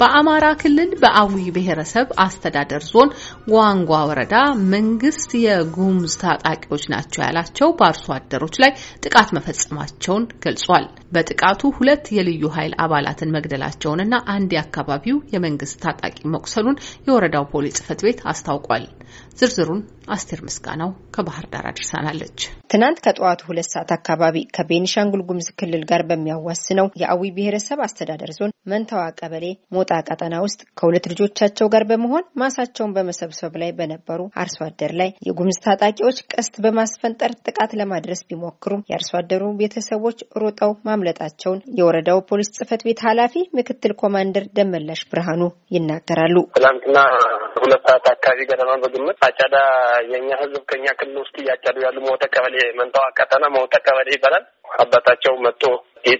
በአማራ ክልል በአዊ ብሔረሰብ አስተዳደር ዞን ዋንጓ ወረዳ መንግስት የጉሙዝ ታጣቂዎች ናቸው ያላቸው በአርሶ አደሮች ላይ ጥቃት መፈጸማቸውን ገልጿል። በጥቃቱ ሁለት የልዩ ኃይል አባላትን መግደላቸውንና አንድ የአካባቢው የመንግስት ታጣቂ መቁሰሉን የወረዳው ፖሊስ ጽፈት ቤት አስታውቋል። ዝርዝሩን አስቴር ምስጋናው ከባህር ዳር አድርሳናለች። ትናንት ከጠዋቱ ሁለት ሰዓት አካባቢ ከቤኒሻንጉል ጉሙዝ ክልል ጋር በሚያዋስነው የአዊ ብሔረሰብ አስተዳደር ዞን መንታዋ ቀበሌ በጦጣ ቀጠና ውስጥ ከሁለት ልጆቻቸው ጋር በመሆን ማሳቸውን በመሰብሰብ ላይ በነበሩ አርሶ አደር ላይ የጉምዝ ታጣቂዎች ቀስት በማስፈንጠር ጥቃት ለማድረስ ቢሞክሩም የአርሶ አደሩ ቤተሰቦች ሮጠው ማምለጣቸውን የወረዳው ፖሊስ ጽህፈት ቤት ኃላፊ ምክትል ኮማንደር ደመላሽ ብርሃኑ ይናገራሉ። ትናንትና ሁለት ሰዓት አካባቢ ገደማ በግምት አጫዳ የእኛ ህዝብ ከኛ ክልል ውስጥ እያጨዱ ያሉ መውጠ ቀበሌ መንታዋ ቀጠና መውጠ ቀበሌ ይባላል አባታቸው መጥቶ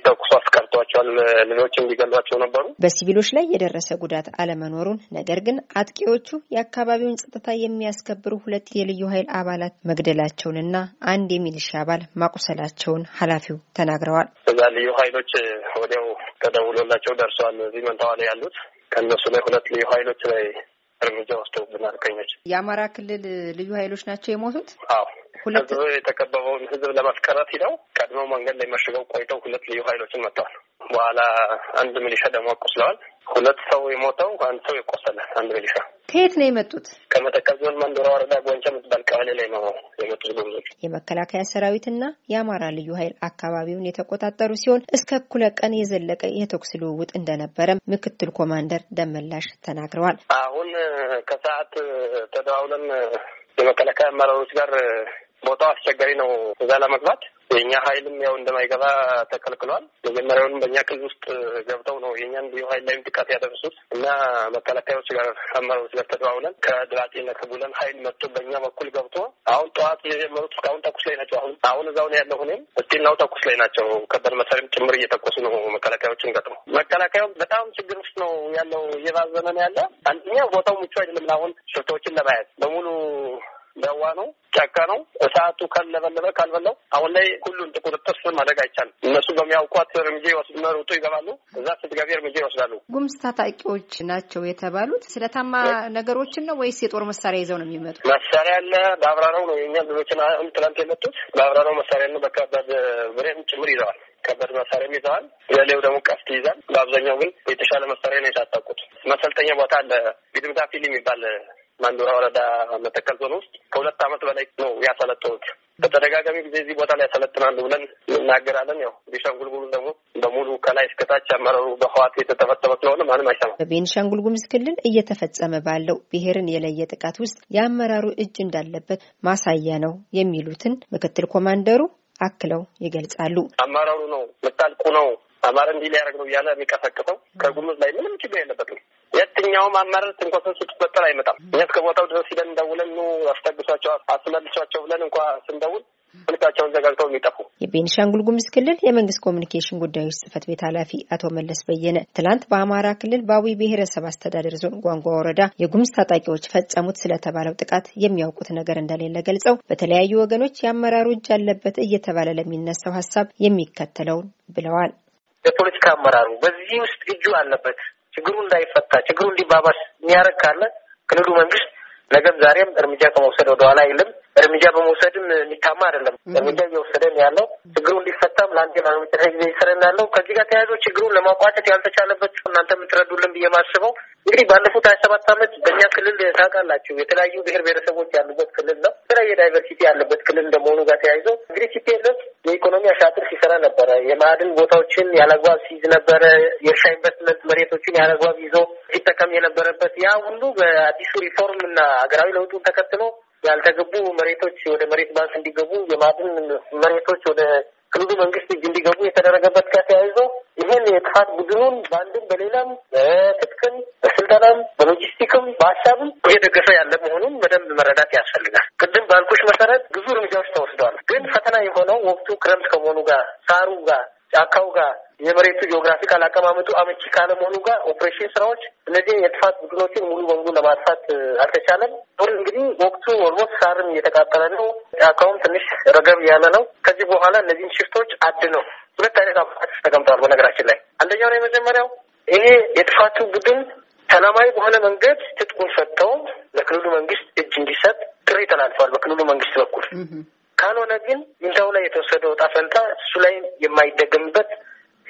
ተኩሶ አስቀርቷቸዋል። ልጆች እንዲገሏቸው ነበሩ። በሲቪሎች ላይ የደረሰ ጉዳት አለመኖሩን፣ ነገር ግን አጥቂዎቹ የአካባቢውን ጸጥታ የሚያስከብሩ ሁለት የልዩ ኃይል አባላት መግደላቸውንና አንድ የሚሊሻ አባል ማቁሰላቸውን ኃላፊው ተናግረዋል። እዛ ልዩ ኃይሎች ወዲያው ተደውሎላቸው ደርሰዋል። እዚህ መንታዋ ላይ ያሉት ከእነሱ ላይ ሁለት ልዩ ኃይሎች ላይ እርምጃ ወስደውብናል። ቀኞች የአማራ ክልል ልዩ ኃይሎች ናቸው የሞቱት። አዎ ሁለት የተከበበውን ህዝብ ለማስቀረት ሂደው ቀድሞ መንገድ ላይ መሽገው ቆይተው ሁለት ልዩ ኃይሎችን መጥተዋል። በኋላ አንድ ሚሊሻ ደግሞ ቆስለዋል። ሁለት ሰው የሞተው አንድ ሰው የቆሰለ አንድ ሚሊሻ። ከየት ነው የመጡት? ከመተከል ዞን መንዶራ ወረዳ ጎንቻ የምትባል ቀበሌ ላይ ነው የመጡት ጉምዞች። የመከላከያ ሰራዊትና የአማራ ልዩ ኃይል አካባቢውን የተቆጣጠሩ ሲሆን እስከ እኩለ ቀን የዘለቀ የተኩስ ልውውጥ እንደነበረም ምክትል ኮማንደር ደመላሽ ተናግረዋል። አሁን ከሰዓት ተደዋውለን የመከላከያ አመራሮች ጋር ቦታው አስቸጋሪ ነው። እዛ ለመግባት የእኛ ሀይልም ያው እንደማይገባ ተከልክሏል። መጀመሪያውንም በእኛ ክልል ውስጥ ገብተው ነው የእኛን ልዩ ሀይል ላይም ጥቃት ያደረሱት እና መከላከያዎች ጋር አመራሮች ጋር ተደዋውለን ከድራጤና ከቡለን ሀይል መጥቶ በእኛ በኩል ገብቶ አሁን ጠዋት የጀመሩት እስካሁን ተኩስ ላይ ናቸው። አሁን አሁን እዛው ነው ያለው ሁኔም እስቲናው ተኩስ ላይ ናቸው። ከባድ መሳሪያም ጭምር እየተኮሱ ነው መከላከያዎችን ገጥሞ። መከላከያው በጣም ችግር ውስጥ ነው ያለው፣ እየባዘነ ነው ያለ። አንደኛ ቦታው ምቹ አይደለም። አሁን ሽፍቶችን ለማያዝ በሙሉ ነው፣ ጫካ ነው። እሳቱ ካልለበለበ ካልበላው አሁን ላይ ሁሉን ጥቁር ስር ማድረግ አይቻልም። እነሱ በሚያውቋት እርምጃ ይወስድ መርጡ ይገባሉ። እዛ ስትገቢ እርምጃ ይወስዳሉ። ጉምዝ ታጣቂዎች ናቸው የተባሉት ስለታማ ነገሮችን ነው ወይስ የጦር መሳሪያ ይዘው ነው የሚመጡ? መሳሪያ አለ። በአብራራው ነው የኛ ልጆችን አሁን ትላንት የመጡት በአብራራው መሳሪያ ነው። በከባድ ብሬን ጭምር ይዘዋል። ከበድ መሳሪያም ይዘዋል። ሌላው ደግሞ ቀስት ይዛል። በአብዛኛው ግን የተሻለ መሳሪያ ነው የታጠቁት። መሰልጠኛ ቦታ አለ። ግድምታ ፊልም ይባል ማንዱራ ወረዳ መተከል ዞን ውስጥ ከሁለት ዓመት በላይ ነው ያሰለጠኑት። በተደጋጋሚ ጊዜ እዚህ ቦታ ላይ ያሰለጥናሉ ብለን እናገራለን። ያው ቤንሻንጉል ጉሙዝ ደግሞ በሙሉ ከላይ እስከታች አመራሩ በህዋት የተጠፈጠፈ ስለሆነ ማንም አይሰማም። በቤንሻንጉል ጉሙዝ ክልል እየተፈጸመ ባለው ብሔርን የለየ ጥቃት ውስጥ የአመራሩ እጅ እንዳለበት ማሳያ ነው የሚሉትን ምክትል ኮማንደሩ አክለው ይገልጻሉ። አመራሩ ነው ምታልቁ ነው አማራ እንዲህ ሊያደርግ ነው እያለ የሚቀሰቅሰው ከጉምዝ ላይ ምንም ችግር የለበትም። የትኛውም አመራር ትንኮሰን ስትፈጠር አይመጣም። እኛ እስከ ቦታው ድረስ ሂደን እንደውለን ኑ አስጠግሷቸው፣ አስመልሷቸው ብለን እንኳ ስንደውል ሁኔታቸውን ዘጋግተው የሚጠፉ የቤኒሻንጉል ጉምዝ ክልል የመንግስት ኮሚኒኬሽን ጉዳዮች ጽህፈት ቤት ኃላፊ አቶ መለስ በየነ ትላንት በአማራ ክልል በአዊ ብሔረሰብ አስተዳደር ዞን ጓንጓ ወረዳ የጉምዝ ታጣቂዎች ፈጸሙት ስለተባለው ጥቃት የሚያውቁት ነገር እንደሌለ ገልጸው በተለያዩ ወገኖች የአመራሩ እጅ አለበት እየተባለ ለሚነሳው ሀሳብ የሚከተለውን ብለዋል። የፖለቲካ አመራሩ በዚህ ውስጥ እጁ አለበት። ችግሩ እንዳይፈታ ችግሩ እንዲባባስ የሚያደርግ ካለ ክልሉ መንግስት ነገም ዛሬም እርምጃ ከመውሰድ ወደኋላ አይልም። እርምጃ በመውሰድም የሚታማ አይደለም። እርምጃ እየወሰደን ያለው ችግሩ እንዲፈታም ለአንድ ለመጨረሻ ጊዜ ይሰረን ያለው ከዚህ ጋር ተያይዞ ችግሩን ለማቋጨት ያልተቻለበት እናንተ የምትረዱልን ብዬ ማስበው እንግዲህ ባለፉት ሀያ ሰባት አመት በእኛ ክልል ታውቃላችሁ የተለያዩ ብሔር ብሔረሰቦች ያሉበት ክልል ነው። የተለያየ ዳይቨርሲቲ ያለበት ክልል እንደመሆኑ ጋር ተያይዞ እንግዲህ ሲፒኤልኤፍ የኢኮኖሚ አሻጥር ሲሰራ ነበረ። የማዕድን ቦታዎችን ያለአግባብ ሲይዝ ነበረ። የእርሻ ኢንቨስትመንት መሬቶችን ያለአግባብ ይዞ ሲጠቀም የነበረበት ያ ሁሉ በአዲሱ ሪፎርም እና ሀገራዊ ለውጡን ተከትሎ ያልተገቡ መሬቶች ወደ መሬት ባንክ እንዲገቡ፣ የማዕድን መሬቶች ወደ ክልሉ መንግስት እጅ እንዲገቡ የተደረገበት ጋር ተያይዞ ይህን የጥፋት ቡድኑን በአንድም በሌላም በሎጂስቲክም በሀሳብም እየደገፈ ያለ መሆኑን በደንብ መረዳት ያስፈልጋል። ቅድም ባልኩሽ መሰረት ብዙ እርምጃዎች ተወስደዋል። ግን ፈተና የሆነው ወቅቱ ክረምት ከመሆኑ ጋር ሳሩ ጋር ጫካው ጋር የመሬቱ ጂኦግራፊካል አቀማመጡ አመቺ ካለመሆኑ ጋር ኦፕሬሽን ስራዎች እነዚህ የጥፋት ቡድኖችን ሙሉ በሙሉ ለማጥፋት አልተቻለም። ሁን እንግዲህ ወቅቱ ኦልሞስት ሳርም እየተቃጠለ ነው፣ ጫካውም ትንሽ ረገብ ያለ ነው። ከዚህ በኋላ እነዚህን ሽፍቶች አድ ነው ሁለት አይነት አፋት ተቀምጠዋል። በነገራችን ላይ አንደኛው ነው የመጀመሪያው ይሄ የጥፋቱ ቡድን ሰላማዊ በሆነ መንገድ ትጥቁን ፈተው ለክልሉ መንግስት እጅ እንዲሰጥ ጥሪ ተላልፏል በክልሉ መንግስት በኩል። ካልሆነ ግን ሚንታው ላይ የተወሰደው እጣ ፈንታ እሱ ላይ የማይደገምበት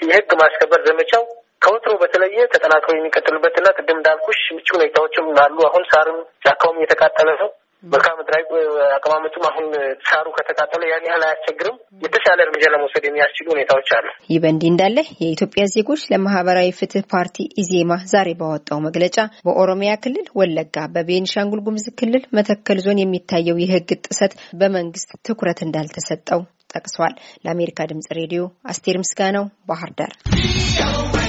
የህግ ማስከበር ዘመቻው ከወትሮ በተለየ ተጠናክሮ የሚቀጥሉበትና ቅድም እንዳልኩሽ ምቹ ሁኔታዎችም አሉ። አሁን ሳርም ጫካውም እየተቃጠለ ነው። መልክዓ ምድራዊ አቀማመጡም አሁን ሳሩ ከተቃጠለ ያን ያህል አያስቸግርም። የተሻለ እርምጃ ለመውሰድ የሚያስችሉ ሁኔታዎች አሉ። ይህ በእንዲህ እንዳለ የኢትዮጵያ ዜጎች ለማህበራዊ ፍትህ ፓርቲ ኢዜማ ዛሬ ባወጣው መግለጫ በኦሮሚያ ክልል ወለጋ፣ በቤንሻንጉል ጉምዝ ክልል መተከል ዞን የሚታየው የህግ ጥሰት በመንግስት ትኩረት እንዳልተሰጠው ጠቅሷል። ለአሜሪካ ድምጽ ሬዲዮ አስቴር ምስጋናው ባህር ዳር